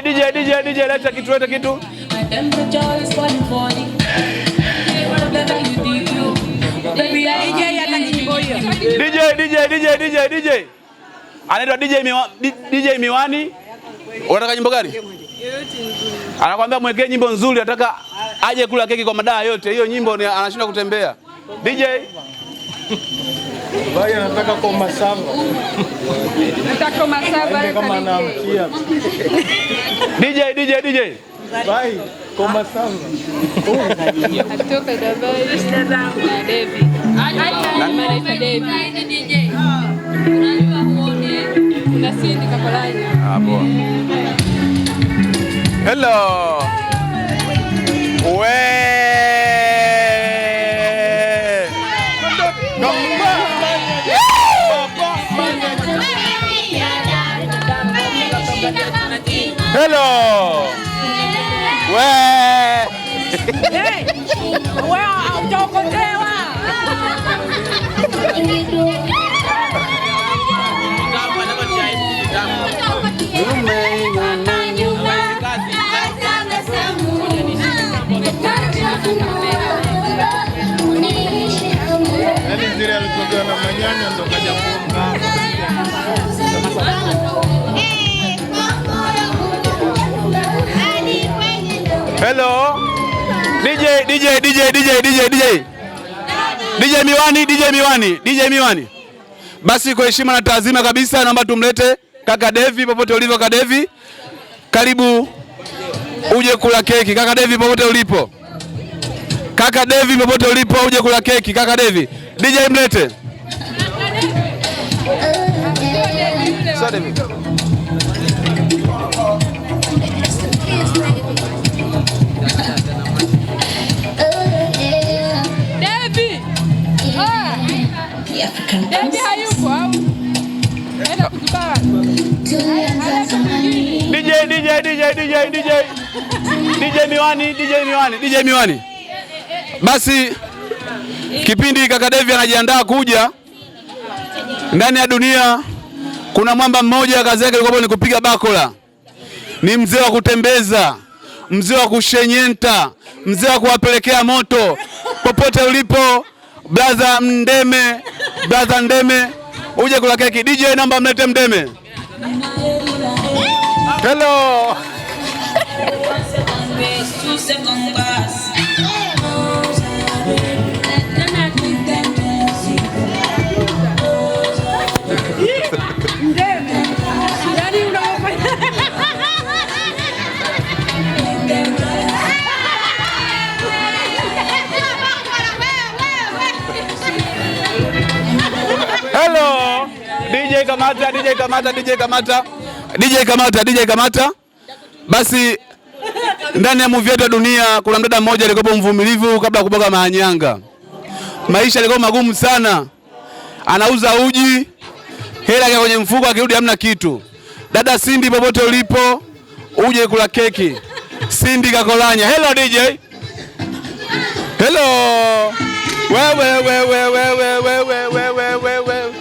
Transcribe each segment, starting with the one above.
DJ, DJ, DJ, leta kitu, leta kitu. DJ, DJ, DJ, DJ, DJ. Anaitwa DJ Miwani. DJ Miwani. Unataka nyimbo gani? Anakwambia mwekee nyimbo nzuri, nataka aje kula keki kwa madaa yote. Hiyo nyimbo anashindwa kutembea. DJ Vai anataka koma saba. Nataka koma saba yeye kama anamkia. DJ DJ DJ. Vai koma saba. Atoka Dubai Instagram na Devi. Ai ai Devi. DJ. Unajua huone. Kuna sindi kapalani. Ah poa. Eh. Hello. Wewe. Hello. Wewe. Hello. DJ, DJ, DJ, DJ, DJ, DJ. DJ Miwani, DJ Miwani, DJ Miwani. Basi kwa heshima na taazima kabisa naomba tumlete kaka Devi popote ulivyo kaka Devi. Karibu uje kula keki kaka Devi popote ulipo. Kaka Devi popote ulipo uje kula keki kaka Devi. DJ mlete. Sasa Devi. DJ DJ Miwani, DJ Miwani, DJ Miwani. Basi kipindi kaka Devi anajiandaa kuja ndani ya dunia, kuna mwamba mmoja kazi yake ilikuwa ni kupiga bakola, ni mzee wa kutembeza, mzee wa kushenyenta, mzee wa kuwapelekea moto popote ulipo, blaza Mdeme, blaza ndeme uje kula keki. DJ, naomba mlete Mdeme. Hello. kamata, DJ kamata, DJ kamata, DJ kamata, DJ kamata. Basi ndani ya movie yetu ya dunia kuna mdada mmoja alikuwa mvumilivu kabla ya kuboga maanyanga. Maisha yalikuwa magumu sana, anauza uji, hela yake kwenye mfuko, akirudi hamna kitu. Dada Sindi, popote ulipo, uje kula keki. Sindi kakolanya. Hello DJ. Hello. Wewe wewe wewe wewe wewe wewe wewe.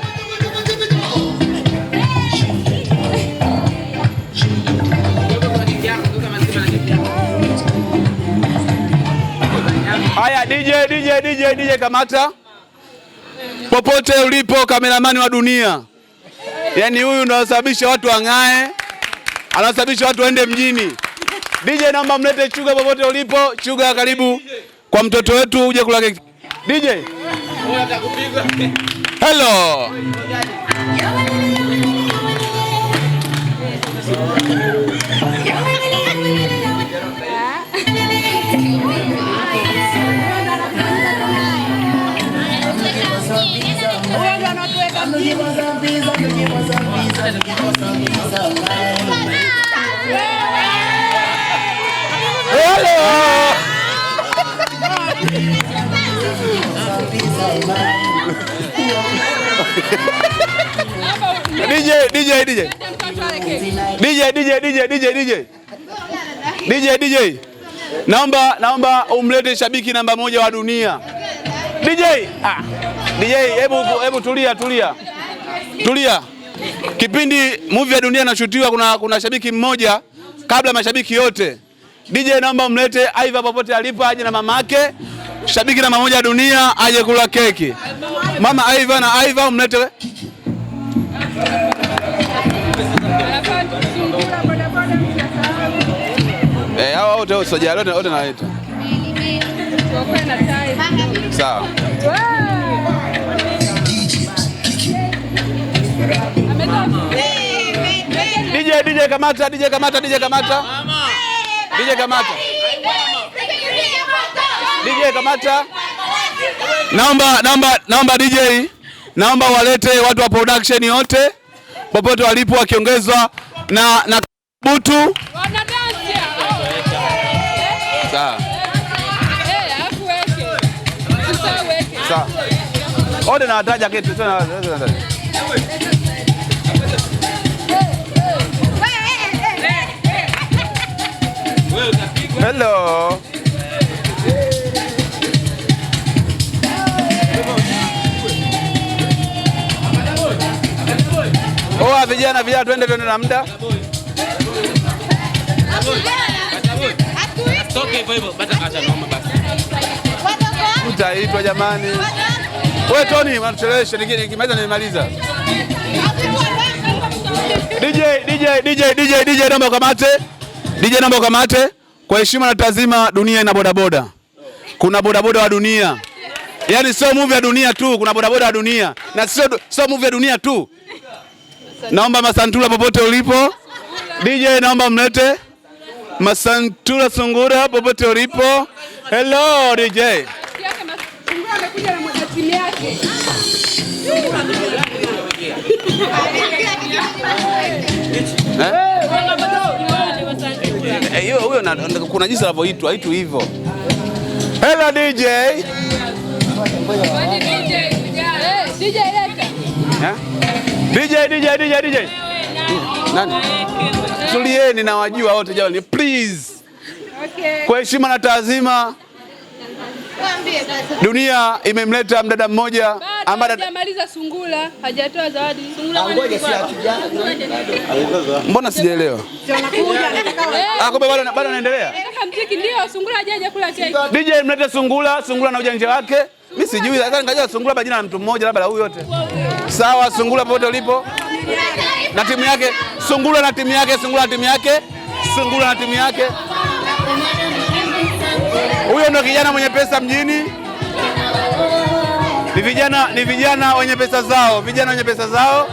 DJ, DJ, kamata popote ulipo, kameramani wa dunia. Yaani huyu ndo anasababisha watu wang'ae, anasababisha watu waende mjini. DJ, naomba mlete Chuga popote ulipo. Chuga, karibu kwa mtoto wetu uje kula keki. DJ, hello DJ DJ, DJ. DJ, DJ, DJ, DJ, DJ. DJ, DJ. naomba naomba umlete shabiki namba moja wa dunia DJ. Ah, DJ, hebu hebu tulia tulia tulia. Kipindi movie ya dunia inashutiwa, kuna, kuna shabiki mmoja kabla mashabiki yote, DJ naomba mlete Aiva popote alipo aje na mamake, shabiki namba moja dunia aje kula keki. Mama Aiva na Aiva mlete Eh, hao wote wote, sijalote wote naita sawa. Kamata, DJ Kamata, DJ Kamata, DJ Kamata, DJ Kamata. Naomba, naomba, naomba DJ, naomba walete watu wa production yote popote walipo, wakiongezwa na na butu ode na wataja kitu Hello. Oa oh, ah, vijana vijana, twende twende na muda. Utaitwa jamani. Wewe Tony, unachelewesha ningine nikimaliza nimemaliza. DJ DJ DJ DJ DJ, naomba kamate. DJ naomba ukamate kwa heshima na tazima. Dunia ina bodaboda, kuna bodaboda wa dunia, yaani sio movie ya dunia tu, kuna bodaboda wa dunia na sio sio movie ya dunia tu. Naomba masantura popote ulipo, DJ naomba mlete masantura Sungura popote ulipo. Hello DJ Eh, huyo kuna jinsi anavyoitwa itu hivyo. Hello eh, eh? DJ. Tulieni, nawajua wote jamani, please. Okay. Kwa heshima na taazima, dunia imemleta mdada mmoja ama hajamaliza sungula, hajatoa zawadi. Sungula mbona sijaelewa? Eh, eh. Ah, kumbe bado bado anaendelea. Ndio, sungula keki. DJ mlete sungula, sungula na ujanja wake. Mimi sijui, sasa ngajua sungula bajina la mtu mmoja labda huyo yote. Sawa, sungula popote ulipo na timu yake, sungula na timu yake, sungula na timu yake, sungula na timu yake. Huyo ndo kijana mwenye pesa mjini ni vijana, ni vijana wenye pesa zao, vijana wenye pesa zao.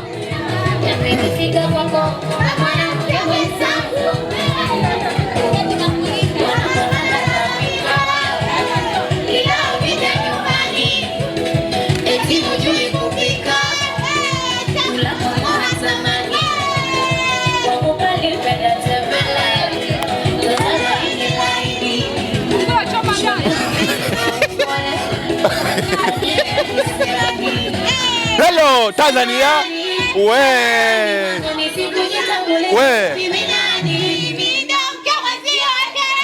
Tanzania we we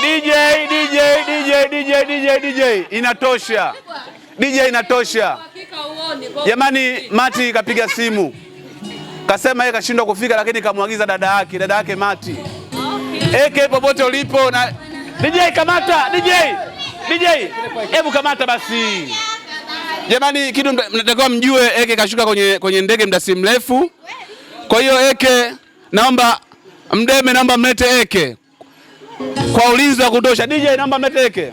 DJ DJ DJ DJ DJ DJ inatosha. DJ inatosha. Jamani, Mati kapiga simu kasema yeye kashindwa kufika, lakini kamwagiza dada yake, dada yake Mati eke popote ulipo na DJ kamata DJ DJ, hebu kamata basi. Jamani, kitu mnatakiwa mjue, Eke kashuka kwenye, kwenye ndege muda si mrefu. Kwa hiyo Eke naomba mdeme, naomba mlete Eke kwa ulinzi wa kutosha. DJ naomba mlete Eke.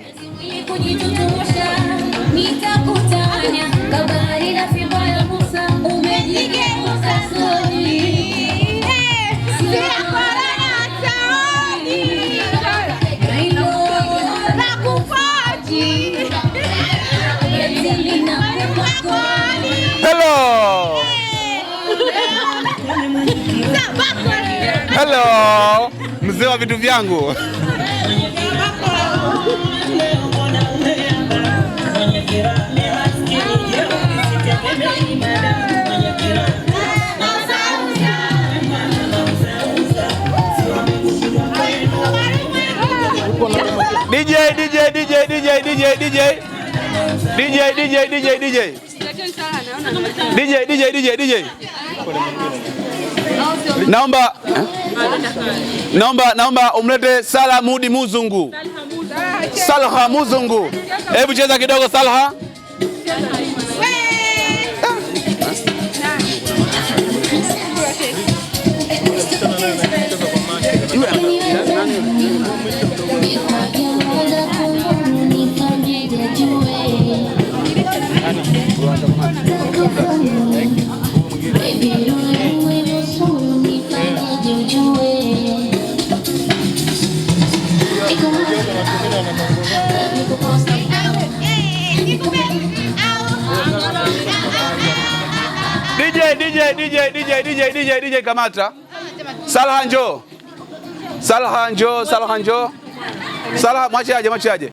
Hello, mzee wa vitu vyangu. DJ, DJ, DJ, DJ, DJ, DJ. DJ, DJ, DJ, DJ. DJ, DJ, DJ, DJ. Naomba, naomba, naomba umlete Salha Mudi Muzungu. Salha Muzungu, hebu cheza kidogo Salha. DJ, DJ kamata. Salha njoo. Salha njo Salha njo Salha mwache aje, mwache aje.